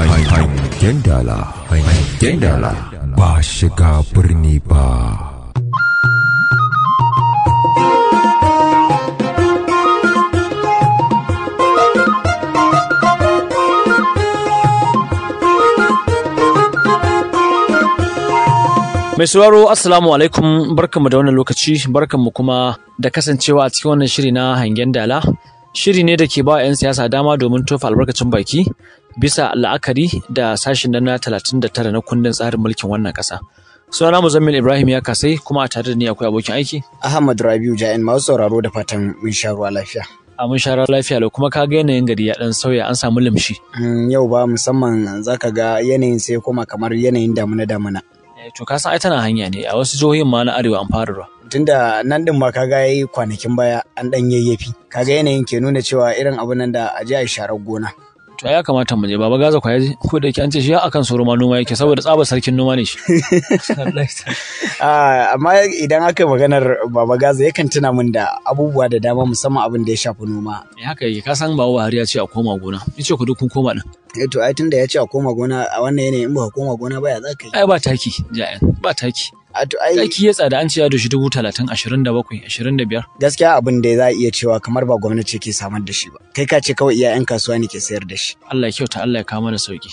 ba shiga birni ba Mai sauraro Assalamu alaikum barkanmu da wannan lokaci barkanmu kuma da kasancewa a cikin wannan shiri na hangen dala shiri ne da ke ba 'yan siyasa dama domin tofa albarkacin baki bisa la'akari da sashen da na 39 na kundin tsarin mulkin wannan kasa Sunana Muzammil Ibrahim ya kasai kuma a tare da ni akwai abokin aiki. Ahmad Rabiu Ja'in masu sauraro da fatan mun sha ruwa lafiya. a mun ruwa lafiya lau kuma ka ga yanayin gari ya dan sauya an samu limshi. Mm, yau ba musamman za ka ga yanayin sai kuma kamar yanayin damuna damuna. Eh, to ka san ai tana hanya ne a wasu jihohin ma na arewa an fara ruwa Tunda nan din ma ka ga yayi kwanakin baya an dan yayyafi. Ka ga yanayin ke nuna cewa irin abun nan da a je a sharar gona. to ya kamata mu je baba gaza kwa yaji ko da yake an ce shi akan su roma noma yake saboda tsabar sarkin noma ne shi ah, amma idan aka maganar baba gaza yakan tuna min da abubuwa da dama musamman abin da ya shafi noma eh, haka yake ka san bawo hariya ya ce a koma gona yace ku duk kun koma din eh, to ai tunda ya ce a koma gona a wannan yanayin in ba koma gona ba ya za ka yi ai ba taki ja'in ba taki A to ai Taki ya tsada an ciya da shi dubu talatin ashirin da bakwai ashirin da biyar. Gaskiya abin da za a iya cewa kamar ba gwamnati ke samar da shi ba. Kai ka ce kawai iya 'yan kasuwa ne ke sayar da shi. Allah ya kyauta Allah ya kawo mana sauki.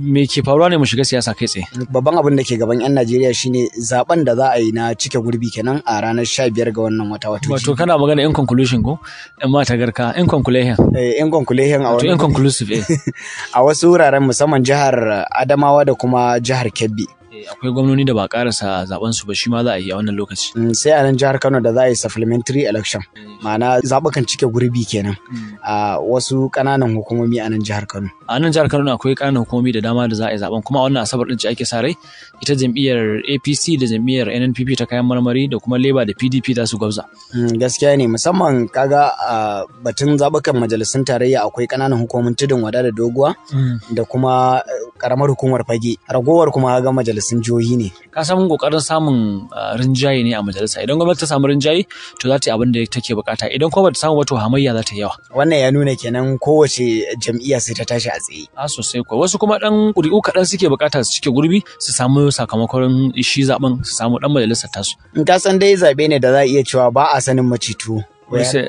Me ke faruwa ne mu shiga siyasa kai tsaye? Babban abin da ke gaban 'yan Najeriya shine zaben da za a yi na cike gurbi kenan a ranar sha biyar ga wannan wata wato. Wato kana magana in conclusion ko? In ma tagarka in conclusion. Eh in conclusion a wani. In conclusive eh. A wasu wuraren musamman jihar Adamawa da kuma jihar Kebbi. Eh, akwai gwamnoni da ba karasa zaben su ba shi ma za a yi a wannan lokaci mm, sai a nan jihar Kano da za a yi supplementary election eh. ma'ana zabukan cike gurbi kenan mm. a wasu kananan hukumomi a nan jihar Kano a nan jihar Kano akwai kananan hukumomi da dama da za a yi zaben kuma a wannan asabar din ce ake sa rai ita jam'iyyar APC da jam'iyyar NNPP ta kayan marmari da kuma Labour da PDP za su gwabza mm, gaskiya ne musamman kaga batun zabukan majalisun tarayya akwai kananan hukumomin tudun wada da doguwa da kuma eh, karamar hukumar fage ragowar kuma ga majalisun jihohi ne ka samu kokarin samun ah, rinjaye ne a majalisa idan gwamnati ta samu rinjaye to za ta yi abin da take bukata idan kuma ta samu ba to hamayya za ta yi yawa wannan ya nuna kenan kowace jam'iyya sai ta tashi a tsaye a sosai ko wasu kuma dan ƙuri'u kaɗan suke bukata su cike gurbi su samu sakamakon shi zaben su samu dan majalisa tasu in ka san dai zabe ne da za a iya cewa ba a sanin macitu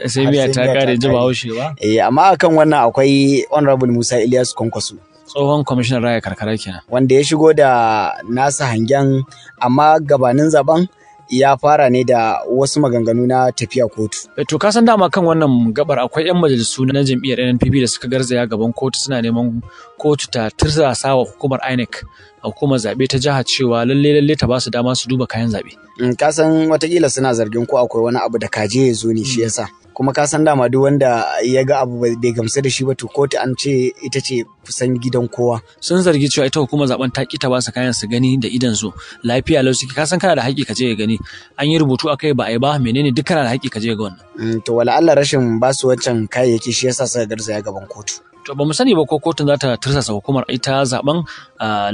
sai biya ta kare ji haushe ba eh amma akan wannan akwai honorable Musa Ilyas Kwankwaso tsohon kwamishinan raya karkara kenan wanda ya shigo da nasa hangen amma gabanin zaben ya fara ne da wasu maganganu na tafiya kotu. Eh, to ka san dama kan wannan gabar akwai 'yan majalisu na jam'iyyar NNPP da suka garzaya gaban kotu suna neman kotu ta tirsasa wa hukumar INEC a hukumar zaɓe ta jiha cewa lalle lalle ta ba su dama su duba kayan zaɓe. Mm, ka san watakila suna zargin ko akwai wani abu da kaje ya zo ne shi yasa. kuma ka san dama duk wanda ya ga abu bai gamsu da shi ba to kotu an ce ita ce kusan gidan kowa sun zargi cewa ita hukumar zaben ta kita ba su kayan su gani da idan su lafiya lau suke ka san kana da haƙƙi ka je ga gani an yi rubutu akai ba a yi ba menene duk kana da haƙƙi ka je ga wannan mm, to wala Allah rashin basu wancan kayayyaki shi yasa suka garzaya gaban kotu to ba mu sani ba ko kotun za ta tursasa hukumar ita zaben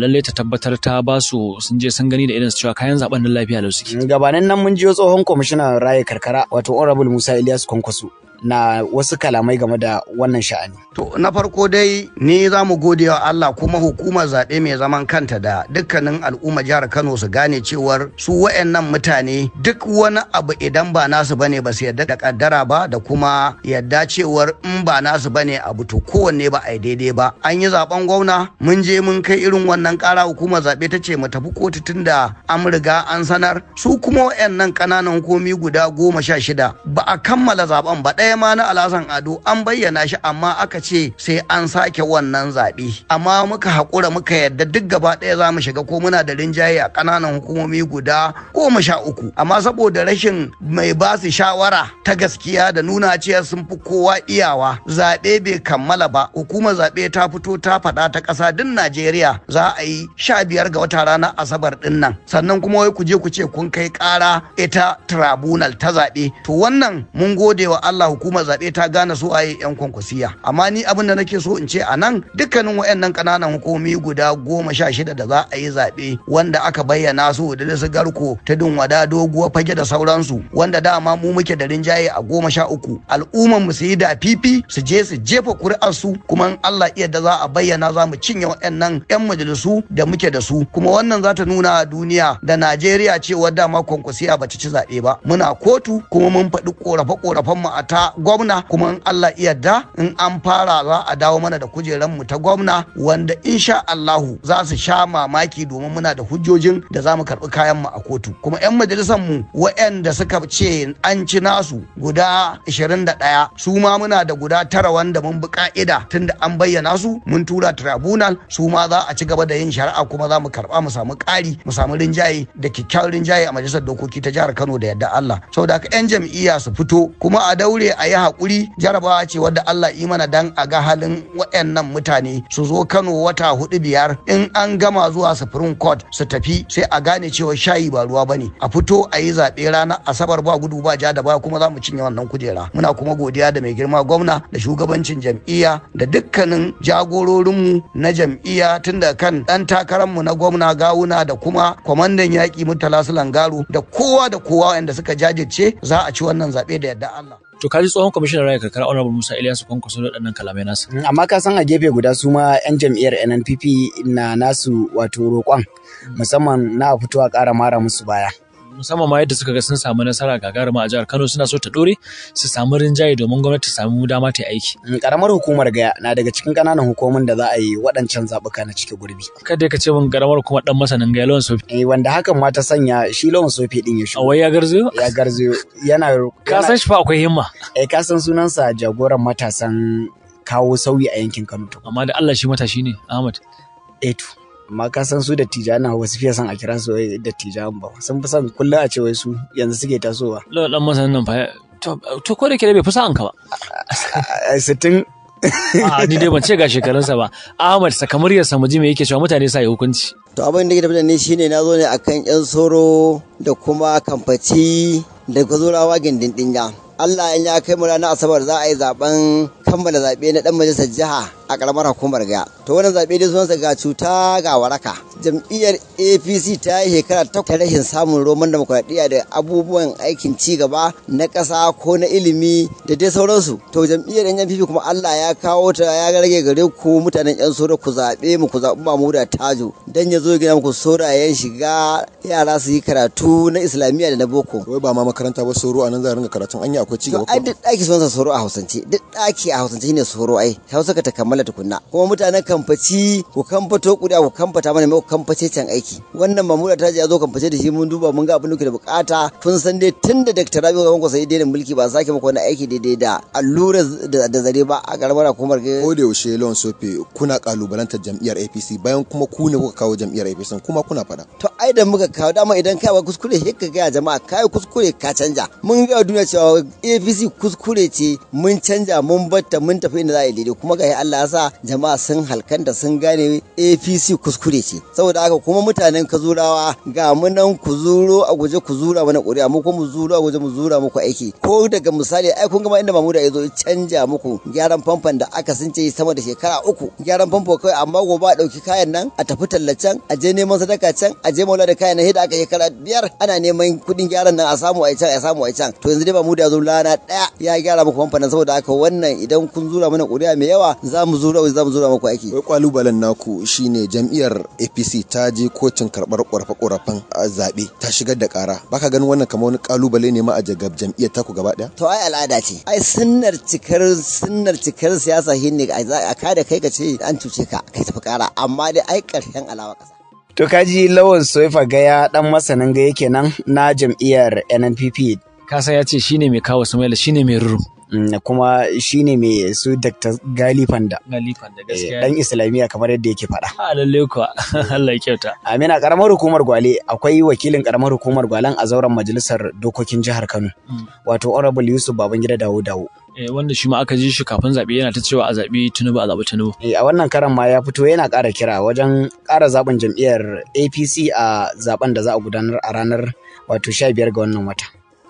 lalle ta tabbatar ta ba su sun je sun gani da irin su cewa kayan zaben na lafiya lau suke gabanin nan mun jiyo tsohon kwamishinan raye karkara wato honorable Musa Ilyas Kwankwaso na wasu kalamai game da wannan sha'ani. To na farko dai ni za mu gode wa Allah kuma hukumar zaɓe mai zaman kanta da dukkanin al'umma jihar Kano su gane cewar su wayannan mutane duk wani abu idan ba nasu bane ba su yadda da kaddara ba da kuma yadda cewar in ba nasu bane abu to kowanne ba a daidai ba. An yi zaɓen gwamna mun je mun kai irin wannan kara hukumar zaɓe ta ce mu tafi kotu tun da an riga an sanar su kuma wayannan ƙananan komi guda goma sha shida ba a kammala zaɓen ba ɗaya nema na alhassan ado an bayyana shi amma aka ce sai an sake wannan zaɓe amma muka haƙura muka yarda duk gaba ɗaya za mu shiga ko muna da rinjaye a ƙananan hukumomi guda goma sha uku amma saboda rashin mai ba su shawara ta gaskiya da nuna cewa sun fi kowa iyawa zaɓe bai kammala ba hukumar zaɓe ta fito ta faɗa ta ƙasa duk najeriya za a yi sha biyar ga wata ranar asabar ɗin nan sannan kuma wai ku je ku ce kun kai ƙara ita tribunal ta zaɓe to wannan mun gode wa allah hukumar zaɓe ta gane su waye yan kwankwasiya amma ni abin da nake so in ce a nan dukkanin wayannan kananan hukumomi guda goma sha shida da za a yi zaɓe wanda aka bayyana su da su garko ta wada doguwa fage da sauransu wanda dama mu muke da rinjaye a goma sha uku al'umman mu su yi da fifi su je su jefa kuri'ar su kuma Allah iya da za a bayyana za mu cinye wayannan yan majalisu da muke da su kuma wannan za ta nuna duniya da Najeriya cewa dama kwankwasiya ba ta ci zaɓe ba muna kotu kuma mun faɗi ƙorafe-ƙorafen mu a ta gwamna kuma in Allah iya da in an fara za a dawo mana da kujeran mu ta gwamna wanda insha Allahu za su sha mamaki domin muna da hujjojin da za mu karɓi kayan mu a kotu kuma 'yan majalisar mu waɗanda suka ce an ci nasu guda 21 su ma muna da guda tara wanda mun bi ka'ida tunda an bayyana su mun tura tribunal su ma za a ci gaba da yin shari'a kuma za mu karɓa mu samu ƙari mu samu rinjaye da kikkiawar rinjaye a majalisar dokoki ta jihar Kano da yadda Allah saboda haka 'yan jam'iyya su fito kuma a daure a yi haƙuri jarabawa ce wadda Allah yi mana dan a ga halin waɗannan mutane su zo Kano wata hudu biyar in an gama zuwa Supreme Court su tafi sai a gane cewa shayi ba ruwa bane a fito a yi zaɓe rana Asabar ba gudu ba ja da ba kuma za mu cinye wannan kujera muna kuma godiya da mai girma gwamna da shugabancin jam'iyya da dukkanin jagororinmu na jam'iyya tun da kan ɗan takararmu na gwamna gawuna da kuma kwamandan yaƙi murtala su da kowa da kowa wanda suka jajirce za a ci wannan zaɓe da yadda Allah. to kaji tsohon kwamishinan raya karkara honorable musa ilyasu kwankwaso da waɗannan kalamai nasu mm, amma ka san a gefe guda su ma yan jam'iyyar nnpp na nasu wato roƙon musamman na fito a ƙara mara musu baya musamman ma yadda suka ga sun samu nasara gagaruma a jihar Kano suna so ta dore su samu rinjaye domin gwamnati ta samu dama ta aiki. Karamar hukumar Gaya na daga cikin ƙananan hukumomin da za a yi waɗancan zaɓuka na cike gurbi. Kada ka ce min karamar hukumar ɗan masanin Gaya Lawan Sofi. Eh wanda hakan ma ta sanya shi Lawan Sofi din ya shigo. Wai ya garzayo? Ya garzayo yana Ka san shi fa akwai himma. Eh ka san sunansa jagoran matasan kawo sauyi a yankin Kano. Amma da Allah shi matashi ne Ahmad. Eh, to. amma ka san su da tijana ba su fiye san a kira su da tijan ba sun fi son kullum a ce wai su yanzu suke tasowa Lola dan masan nan fa to ko da ke bai fi sa'an ka ba sittin a ni dai ban ce ga shekarunsa ba ahmad sakamar ya samu ji me yake cewa mutane sa yi hukunci to abin da ke tafiya ni shine na zo ne akan yan soro da kuma kamfaci da gazurawa gindin dinya Allah in ya kai mu ranar Asabar za a yi zaben kammala zaɓe na ɗan majalisar jiha a karamar hukumar ga to wannan zaɓe dai sunansa ga cuta ga waraka jam'iyyar apc ta yi shekara ta rashin samun roman demokuraɗiyya da abubuwan aikin ci gaba na ƙasa ko na ilimi da dai sauransu to jam'iyyar yan fifi kuma allah ya kawo ta ya rage gare ku mutanen yan soro ku zaɓe mu ku zaɓi mamu da tajo dan ya zo gina muku sorayen shiga yara su yi karatu na islamiyya da na boko wai ba ma makaranta ba soro a nan za a ringa karatun yi akwai ci gaba ai duk ɗaki sunansa soro a hausance duk ɗaki a hausance shine soro ai hausa ka mala tukunna kuma mutanen kamfaci ku kamfato kuri'a ku kamfata mana mai ku kamface can aiki wannan mamura ta je a zo kamface da shi mun duba mun ga abin da kuke da bukata kun san dai tun da Dr. Rabi Gaban ku sai daidai mulki ba sake maka wani aiki daidai da allura da zare ba a karamar hukumar ko da yaushe Lon Sofe kuna kalubalantar jam'iyyar APC bayan kuma ku ne kuka kawo jam'iyyar APC kuma kuna fada to ai da muka kawo dama idan kai kuskure sai ka gaya jama'a kai kuskure ka canja mun ga duniya cewa APC kuskure ce mun canja mun batta mun tafi inda za a yi daidai kuma ga Allah ya sa jama'a sun halkanta sun gane APC kuskure ce saboda haka kuma mutanen kazurawa ga mu nan ku zuro a guje ku zura mana ƙuri'a mu kuma mu zuro a guje mu zura muku aiki ko daga misali ai kun gama inda Mamuda ya zo canja muku gyaran famfan da aka sun ce sama da shekara uku gyaran famfo kawai amma gobe a ɗauki kayan nan a tafi tallacen a je neman sadaka can a je sai maula da na hida aka shekara biyar ana neman kuɗin gyaran nan a samu a can a samu a can to yanzu dai ba mu da zo lana daya ya gyara muku kamfanin saboda haka wannan idan kun zura mana kuria mai yawa za mu zura za mu zura muku aiki. Wai ƙalubalen naku shine jam'iyyar APC ta je kocin karbar ƙorafe-ƙorafen zabe ta shigar da kara baka ganin wannan kamar wani kalubale ne ma a jagab jam'iyyar taku gaba daya To ai al'ada ce ai sunnar cikar sunnar cikar siyasa hinne a kada kai ka ce an cuce ka kai tafi kara amma dai ai karshen alawa ƙasa. To kaji lawan Soifa gaya dan masanin gaya nan na jam'iyyar NNPP. Kasa ya ce shine mai kawo shi shine mai ruru. Mm, kuma shine mai su Dr. Gali Fanda. Gali Fanda eh, gaskiya. Dan Islamiyya kamar yadda yake faɗa. A ah, lalle kuwa Allah ya kyauta. Amina karamar hukumar Gwale akwai wakilin karamar hukumar Gwalen a zauren majalisar dokokin jihar Kano. Mm. Wato Honorable Yusuf Babangida Dawo Dawo. Eh, wanda shi ma aka ji shi kafin zaɓe yana ta cewa a zaɓi Tinubu a zaɓi Tinubu. Eh, a wannan karan ma ya fito yana ƙara kira wajen ƙara zaɓin jam'iyyar APC a zaɓen da za a gudanar a ranar wato 15 ga wannan wata.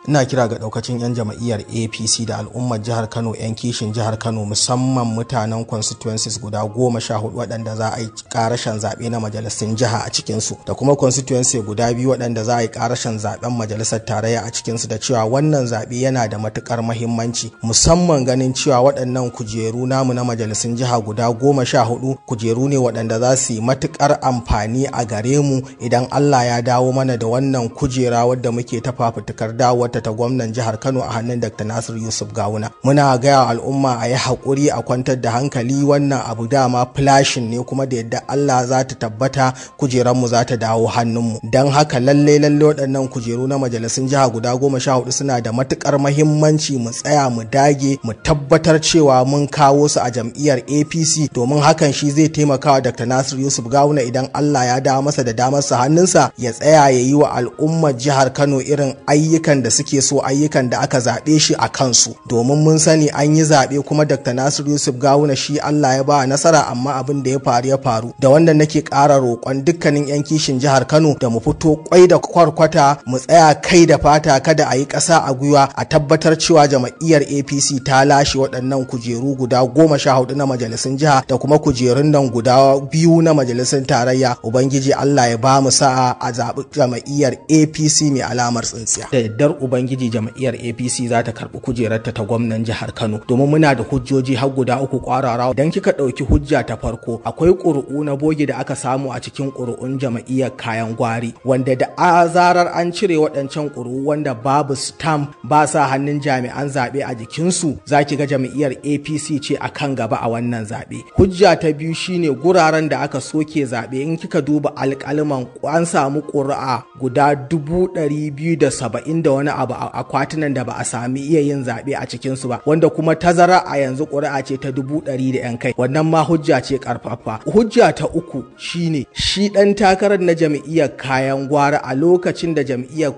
ina kira ga daukacin 'yan jama'iyyar apc da al'ummar jihar kano 'yan kishin jihar kano musamman mutanen constituencies guda goma sha hudu waɗanda za a yi karashen zaɓe na majalisun jiha a cikinsu da kuma constituency guda biyu waɗanda za a yi karashen zaɓen majalisar tarayya a cikinsu da cewa wannan zaɓe yana da matukar mahimmanci musamman ganin cewa waɗannan kujeru namu na majalisun jiha guda goma sha hudu kujeru ne waɗanda za su yi matukar amfani a gare mu idan allah ya dawo mana da wannan kujera wadda muke ta fafutukar dawo ta gwamnan jihar Kano a hannun Dr. Nasir Yusuf Gawuna. Muna gaya al'umma a yi haƙuri a kwantar da hankali wannan abu dama flashin ne kuma da yadda Allah za ta tabbata kujeranmu za ta dawo mu. Don haka lalle lalle waɗannan kujeru na majalisun jiha guda goma sha hudu suna da matuƙar mahimmanci mu tsaya mu dage mu tabbatar cewa mun kawo su a jam'iyyar APC domin hakan shi zai taimakawa Dr. Nasir Yusuf Gawuna idan Allah ya dawo masa da damarsa hannunsa ya tsaya ya yi wa al'ummar jihar Kano irin ayyukan da suke suke so ayyukan da aka zaɓe shi a kansu domin mun sani an yi zaɓe kuma dr nasiru yusuf gawuna shi allah ya ba nasara amma abin da ya faru ya faru da wanda nake ƙara roƙon dukkanin yan kishin jihar kano da mu fito kwai da kwarkwata mu tsaya kai da fata kada a yi ƙasa a gwiwa a tabbatar cewa jama'iyyar apc ta lashe waɗannan kujeru guda goma sha hudu na majalisun jiha da kuma kujerun nan guda biyu na majalisun tarayya ubangiji allah ya ba mu sa'a a zaɓi jama'iyyar apc mai alamar tsintsiya da ubangiji jam'iyyar apc za ta karɓi kujerarta ta gwamnan jihar kano domin muna da hujjoji har guda uku kwararawa dan kika ɗauki hujja ta farko akwai ƙuri'u na bogi da aka samu a cikin ƙuri'un jam'iyyar kayan gwari wanda da azarar an cire waɗancan ƙuri'u wanda babu stamp ba sa hannun jami'an zaɓe a jikinsu za ki ga jam'iyyar apc ce a kan gaba a wannan zaɓe hujja ta biyu shine guraren da aka soke zaɓe in kika duba alƙalman an samu ƙuri'a guda dubu ɗari biyu da saba'in da wani abu abu akwatunan da ba a sami iya yin zaɓe a cikinsu ba wanda kuma tazara a yanzu ƙuri'a ce ta dubu ɗari da yan kai wannan ma hujja ce ƙarfafa hujja ta uku shine shi ɗan takarar na jam'iyyar kayan gwara a lokacin da jam'iyyar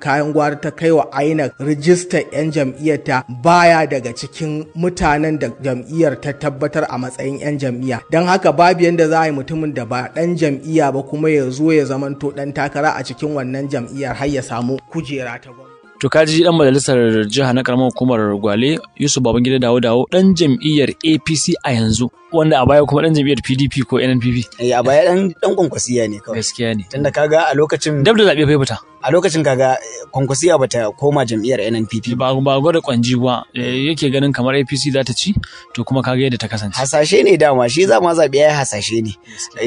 kayan gwara ta kai wa INEC rijistar 'yan jam'iyyar ta baya daga cikin mutanen da jam'iyyar ta tabbatar a matsayin 'yan jam'iyya don haka babu yadda za a yi mutumin da ba ɗan jam'iyya ba kuma ya zo ya zamanto ɗan takara a cikin wannan jam'iyyar har ya samu kujera ta gwamnati. to kaji dan majalisar jiha na karamar hukumar gwale yusuf babangida dawo dawo dan jam'iyyar apc a yanzu wanda a baya kuma dan jam'iyyar pdp ko nnpp eh, a baya dan dan kwankwasiya ne kawai gaskiya ne tunda kaga a lokacin dab da zabe ya fita a lokacin kaga eh, kwankwasiya bata koma jam'iyyar NNPP ba ba gwada kwanji ba eh, yake ganin kamar APC za ta ci to kuma kaga yadda ta kasance hasashe ne dama shi za ma zabi yayi hasashe ne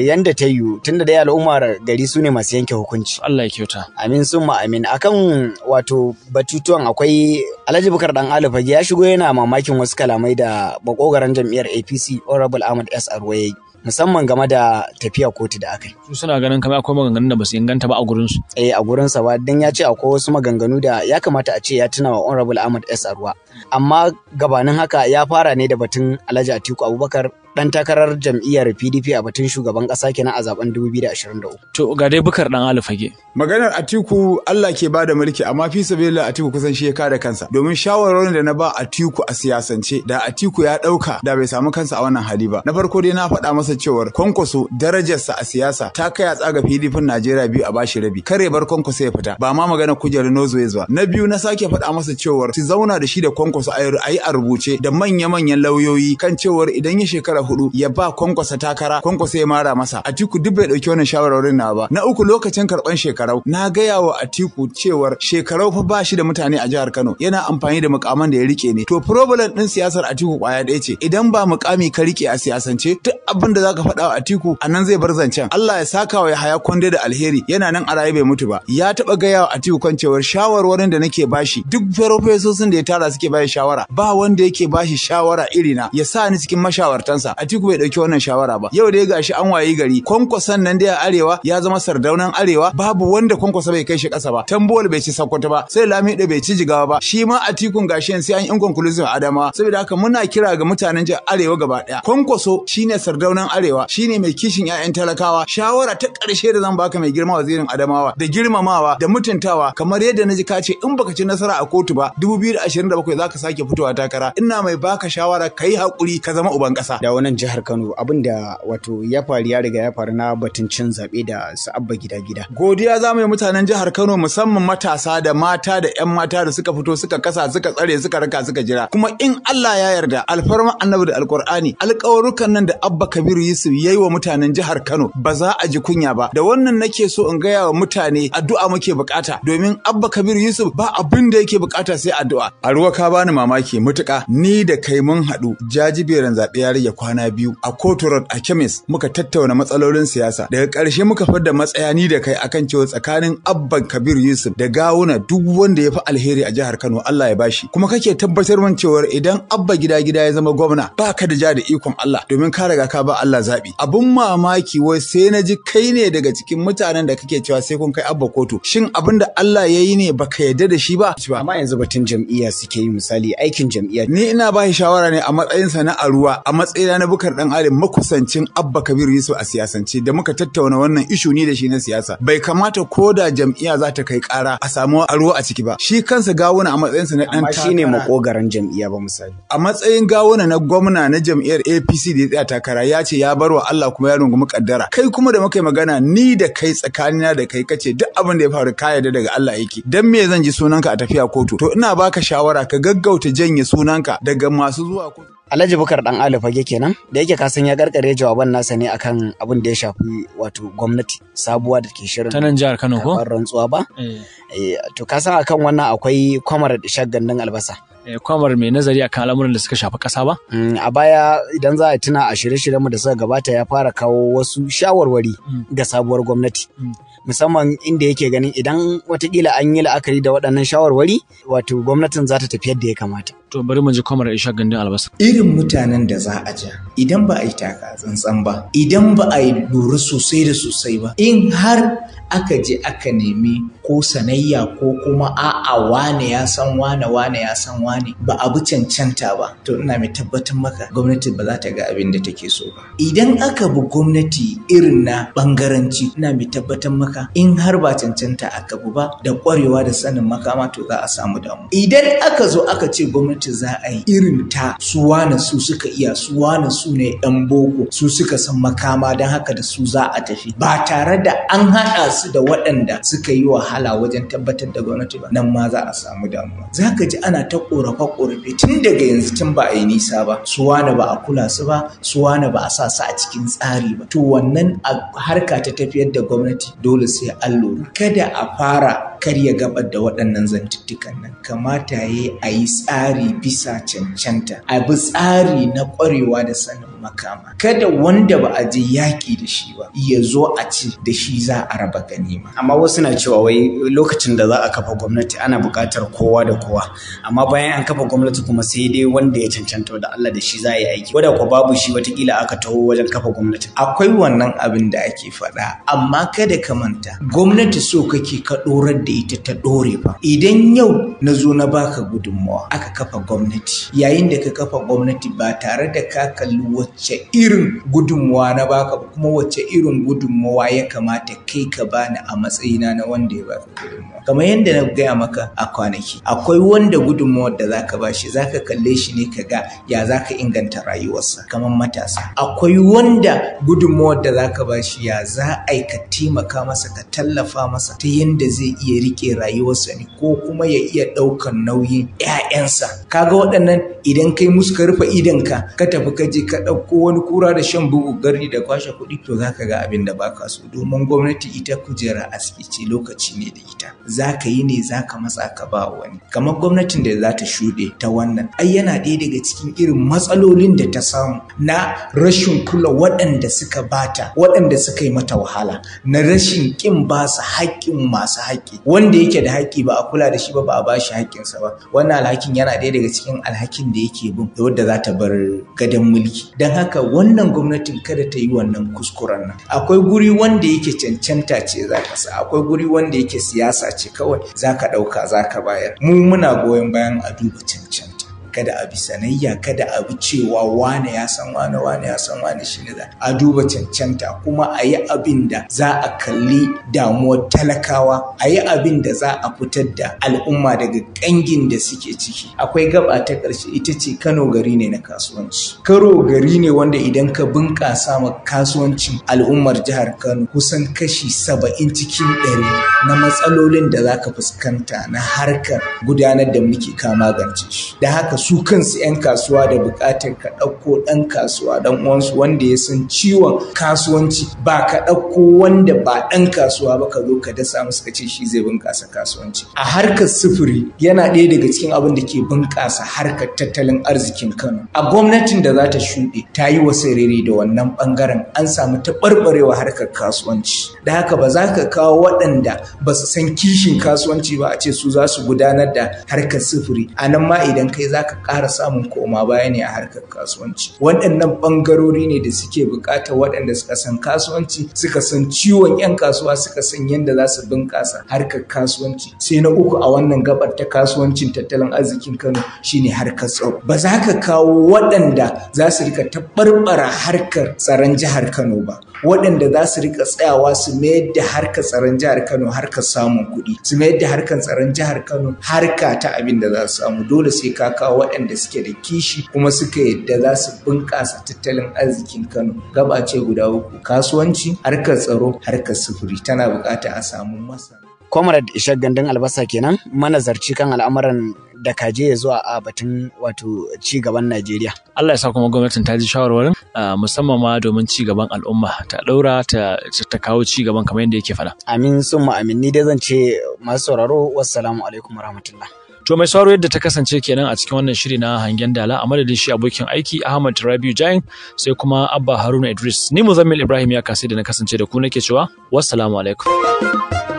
yanda ta yiwu tunda dai al'umma gari su ne masu yanke hukunci Allah ya kyauta amin sun ma amin akan wato batutuwan akwai Alhaji Bukar dan Alifagi ya shigo yana mamakin wasu kalamai da bakogaran jam'iyyar APC Honorable Ahmad S Arwaye musamman game da tafiya kotu da aka yi. Su suna ganin kamar akwai maganganun da ba su inganta ba a gurin su. Eh a gurin sa ba dan ya ce akwai wasu maganganu da ya kamata a ce ya tuna wa Honorable Ahmad S Arwa. Amma gabanin haka ya fara ne da batun Alhaji Atiku Abubakar dan takarar jam'iyyar PDP a batun shugaban kasa kenan a zaben 2023. To ga dai bukar dan Ali fage. Maganar Atiku Allah ke bada mulki amma fi sabila Atiku kusan shi ya kada kansa domin shawarorin da na ba Atiku a siyasance da Atiku ya dauka da bai samu kansa a wannan hali ba. Na farko dai na faɗa masa cewar kwankwaso darajarsa a siyasa ta kai a tsaga PDP Najeriya biyu a bashi rabi. Kare bar kwankwaso ya fita ba ma magana kujerar Nozoyes ba. Na biyu na sake faɗa masa cewar su zauna da shi da kwankwaso a yi a rubuce da manya-manyan lauyoyi kan cewar idan ya shekara hudu ya ba kwankwasa takara kwankwasa ya mara masa Atiku duk bai dauki wannan shawarwarin na ba na uku lokacin karban shekarau na gaya wa Atiku cewar shekarau fa ba shi da mutane a jihar Kano yana amfani da mukaman da ya rike ne to problem din siyasar Atiku kwaya ɗaya ce idan ba mukami ka rike a siyasance duk abin da zaka faɗa wa Atiku a nan zai bar zancen Allah ya saka wa Yahaya Konde da alheri yana nan a bai mutu ba ya taba gaya wa Atiku kan cewar shawarwarin da nake bashi duk farofesosin da ya tara suke bashi shawara ba wanda yake bashi shawara irina ya sa ni cikin mashawartansa Atiku bai dauki wannan shawara ba yau dai gashi an wayi gari kwankwason nan dai a arewa ya zama sardaunan arewa babu wanda kwankwasa bai kai shi kasa ba tambol bai ci sakkwata ba sai Lami da bai ci jigawa ba shi ma tikun gashi sai an a adama saboda haka muna kira ga mutanen jihar arewa gaba daya kwankwaso shine sardaunan arewa shine mai kishin 'ya'yan talakawa shawara ta ƙarshe da zan baka mai girma wazirin adamawa da girmamawa da mutuntawa kamar yadda na ji ka ce in baka ci nasara a kotu ba 2027 zaka sake fitowa takara ina mai baka shawara kai hakuri ka zama uban kasa da wani nan jihar Kano abin da wato ya faru ya riga ya faru na batun cin zaɓe da sa'abba gida gida. Godiya za mu yi mutanen jihar Kano musamman matasa da mata da 'yan mata da suka fito suka kasa suka tsare suka raka suka jira kuma in Allah ya yarda alfarma annabi da alkur'ani alƙawarukan nan da Abba Kabiru Yusuf ya yi wa mutanen jihar Kano ba za a ji kunya ba da wannan nake so in gaya wa mutane addu'a muke bukata domin Abba Kabiru Yusuf ba abin da yake bukata sai addu'a. A ruwa ka bani mamaki mutuka ni da kai mun haɗu jajiberin zaɓe ya rage kwana kwana biyu a Kotu a Kemis muka tattauna matsalolin siyasa. Daga ƙarshe muka fadda matsaya ni da kai akan cewa tsakanin Abban Kabir Yusuf da Gawuna duk wanda ya fi alheri a jihar Kano Allah ya bashi. Kuma kake tabbatar min cewa idan Abba gida gida ya zama gwamna ba ka da ja da ikon Allah domin ka riga ka ba Allah zaɓi. Abun mamaki wai sai na ji kai ne daga cikin mutanen da kake cewa sai kun kai Abba kotu. Shin abin da Allah ya yi ne baka yarda da shi ba? Amma yanzu batun jam'iyya suke yi misali aikin jam'iyya. Ni ina ba shawara ne a matsayinsa na aruwa a matsayina na Bukar dan Ali makusancin Abba kabiru Yusuf a siyasance da muka tattauna wannan ishu ne da shi na siyasa. Bai kamata ko da jam'iyya za ta kai kara a samu aro a ciki ba. Shi kansa gawuna a matsayinsa na dan takara. shine makogaran jam'iyya ba misali. A matsayin gawuna na gwamna na jam'iyyar APC da ya tsaya takara ya ce ya bar wa Allah kuma ya rungumi kaddara. Kai kuma da muka yi magana ni da kai tsakanina da kai kace duk abin da ya faru ka yarda daga Allah yake. Dan me zan ji sunanka a tafiya kotu? To ina baka shawara ka gaggauta janye sunanka daga masu zuwa kotu. Alhaji Bukar dan Ali fage kenan da yake kasan ya garkare jawaban nasa ne akan abin da ya shafi wato gwamnati sabuwa da ke shirin ta nan jihar Kano ko rantsuwa ba eh. Eh, to kasan akan wannan akwai kwamar gandun albasa eh, kwamar mai nazari akan al'amuran da suka shafi ƙasa ba mm, a baya idan za a tuna a shirye-shiryen mu da suka gabata ya fara kawo wasu shawarwari mm. ga sabuwar gwamnati mm. musamman inda yake ganin idan watakila an yi la'akari da waɗannan shawarwari wato gwamnatin za ta tafi yadda ya kamata To bari mu ji kwamar Isha Gandun Albasa. Irin mutanen da za a ja idan ba a yi taka tsantsan ba, idan ba a yi lura sosai da sosai ba, in har aka je aka nemi ko sanayya ko kuma a'a wane ya san wane wane ya san wane ba a bi cancanta ba to ina mai tabbatar maka gwamnati ba za ta ga abin da take so ba idan aka bi gwamnati irin na bangaranci ina mai tabbatar maka in har ba cancanta aka bi ba da kwarewa da sanin makama to za a samu damu idan aka zo aka ce gwamnati gwamnati za a yi irin ta su wane su suka iya su wane su ne yan boko su suka san makama don haka da su za a tafi ba tare da an haɗa su da waɗanda suka yi wahala wajen tabbatar da gwamnati ba nan ma za a samu damuwa za ka ji ana ta ƙorafe-ƙorafe tun daga yanzu tun ba a yi nisa ba su wane ba a kula su ba su wane ba a sa su a cikin tsari ba to wannan a harka ta tafiyar da gwamnati dole sai an lura kada a fara ya gabar da waɗannan zantuttukan nan kamata ya yi a yi tsari bisa cancanta a bi tsari na ƙwarewa da sanin makama kada wanda ba a je yaƙi da shi ba ya zo a ci da shi za a raba ganima amma wasu na cewa wai lokacin da za a kafa gwamnati ana buƙatar kowa da kowa amma bayan an kafa gwamnati kuma sai dai wanda ya cancanta da Allah da shi za ya aiki wanda ko babu shi kila aka taho wajen kafa gwamnati akwai wannan abin da ake faɗa amma kada ka manta gwamnati so kake ka ɗorar da ita ta ɗore ba idan yau na zo na baka gudunmawa aka kafa gwamnati yayin da ka kafa gwamnati ba tare da ka kalli wata wacce irin gudunmuwa na baka kuma wacce irin gudunmuwa ya kamata kai ka bani a matsayina na wanda ya baka gudunmuwa kamar yadda na gaya maka a kwanaki akwai wanda gudunmuwar da zaka bashi zaka kalle shi ne ka ga ya zaka inganta rayuwarsa kamar matasa akwai wanda gudunmuwar da zaka bashi ya za a ka taimaka masa ka tallafa masa ta yadda zai iya rike rayuwarsa ne ko kuma ya iya ɗaukan nauyin 'ya'yansa kaga waɗannan idan kai musu ka rufe idonka ka tafi ka je ka ɗauka ɗauko wani kura da shan bugu gari da kwashe kuɗi to za ka ga abin da ba ka so domin gwamnati ita kujera aski ce lokaci ne da ita za ka yi ne za ka matsa ka ba wani kamar gwamnatin da za ta shuɗe ta wannan ai yana ɗaya daga cikin irin matsalolin da ta samu na rashin kula waɗanda suka bata waɗanda suka yi mata wahala na rashin ƙin ba su haƙƙin masu haƙƙi wanda yake da haƙƙi ba a kula da shi ba ba a ba shi haƙƙinsa ba wannan alhakin yana ɗaya daga cikin alhakin da yake bin da wadda za ta bar gadon mulki don haka wannan gwamnatin kada ta yi wannan kuskuren nan akwai guri wanda yake cancanta ce za ka sa akwai guri wanda yake siyasa ce kawai za ka ɗauka za ka bayar mu muna goyon bayan a duba cancanta kada a bi sanayya kada a bi cewa wane ya san wane wane ya san wane shi ne a duba cancanta kuma a yi abin da za a kalli damuwar talakawa a yi abin da za a fitar da al'umma daga kangin da suke ciki akwai gaba ta ƙarshe ita ce kano gari ne na kasuwanci karo gari ne wanda idan ka bunƙasa ma kasuwancin al'ummar jihar kano kusan kashi saba'in cikin ɗari na matsalolin da za ka fuskanta na harkar gudanar da muke kama gance. shi da haka su kansu 'yan kasuwa da buƙatar ka ɗauko ɗan kasuwa ɗan uwansu wanda ya san ciwon kasuwanci ba ka ɗauko wanda ba ɗan kasuwa ba ka zo ka dasa musu ka ce shi zai bunƙasa kasuwanci a harkar sufuri yana ɗaya daga cikin abin da ke bunƙasa harkar tattalin arzikin Kano a gwamnatin da za ta shuɗe ta yi wasu rere da wannan ɓangaren an samu taɓarɓarewa harkar kasuwanci da haka ba za ka kawo waɗanda ba su san kishin kasuwanci ba a ce su za su gudanar da harkar sufuri a nan ma idan kai za ka ƙara samun koma baya ne a harkar kasuwanci waɗannan ɓangarori ne da suke buƙata waɗanda suka san kasuwanci suka san ciwon 'yan kasuwa suka san yadda za su bunƙasa harkar kasuwanci sai na uku a wannan gabar ta kasuwancin tattalin arzikin kano shine harkar tsaro ba za ka kawo waɗanda za su rika taɓarɓara harkar tsaron jihar kano ba waɗanda za su rika tsayawa su mayar da harkar tsaron jihar Kano harka samun kuɗi su mayar da harkar tsaron jihar Kano harka ta abin da za su samu dole sai ka kawo waɗanda suke da kishi kuma suka yadda za su bunƙasa tattalin arzikin Kano gaba ce guda uku kasuwanci harkar tsaro harkar sufuri tana buƙata a samu masa Comrade Ishak Gandun Albasa kenan manazarci kan al'amuran da kaje ya zuwa a batun wato ci gaban Najeriya. Allah ya sa kuma gwamnatin ta ji shawarwarin musamman ma domin ci gaban al'umma ta daura ta kawo ci gaban kamar yadda yake fada Amin sun amin ni dai zan ce masu sauraro wassalamu alaikum warahmatullah. To mai sauraro yadda ta kasance kenan a cikin wannan shiri na hangen dala a madadin shi abokin aiki Ahmad Rabiu Jain sai kuma Abba Haruna Idris. Ni Muzammil Ibrahim ya kasai da na kasance da ku nake cewa wassalamu alaikum.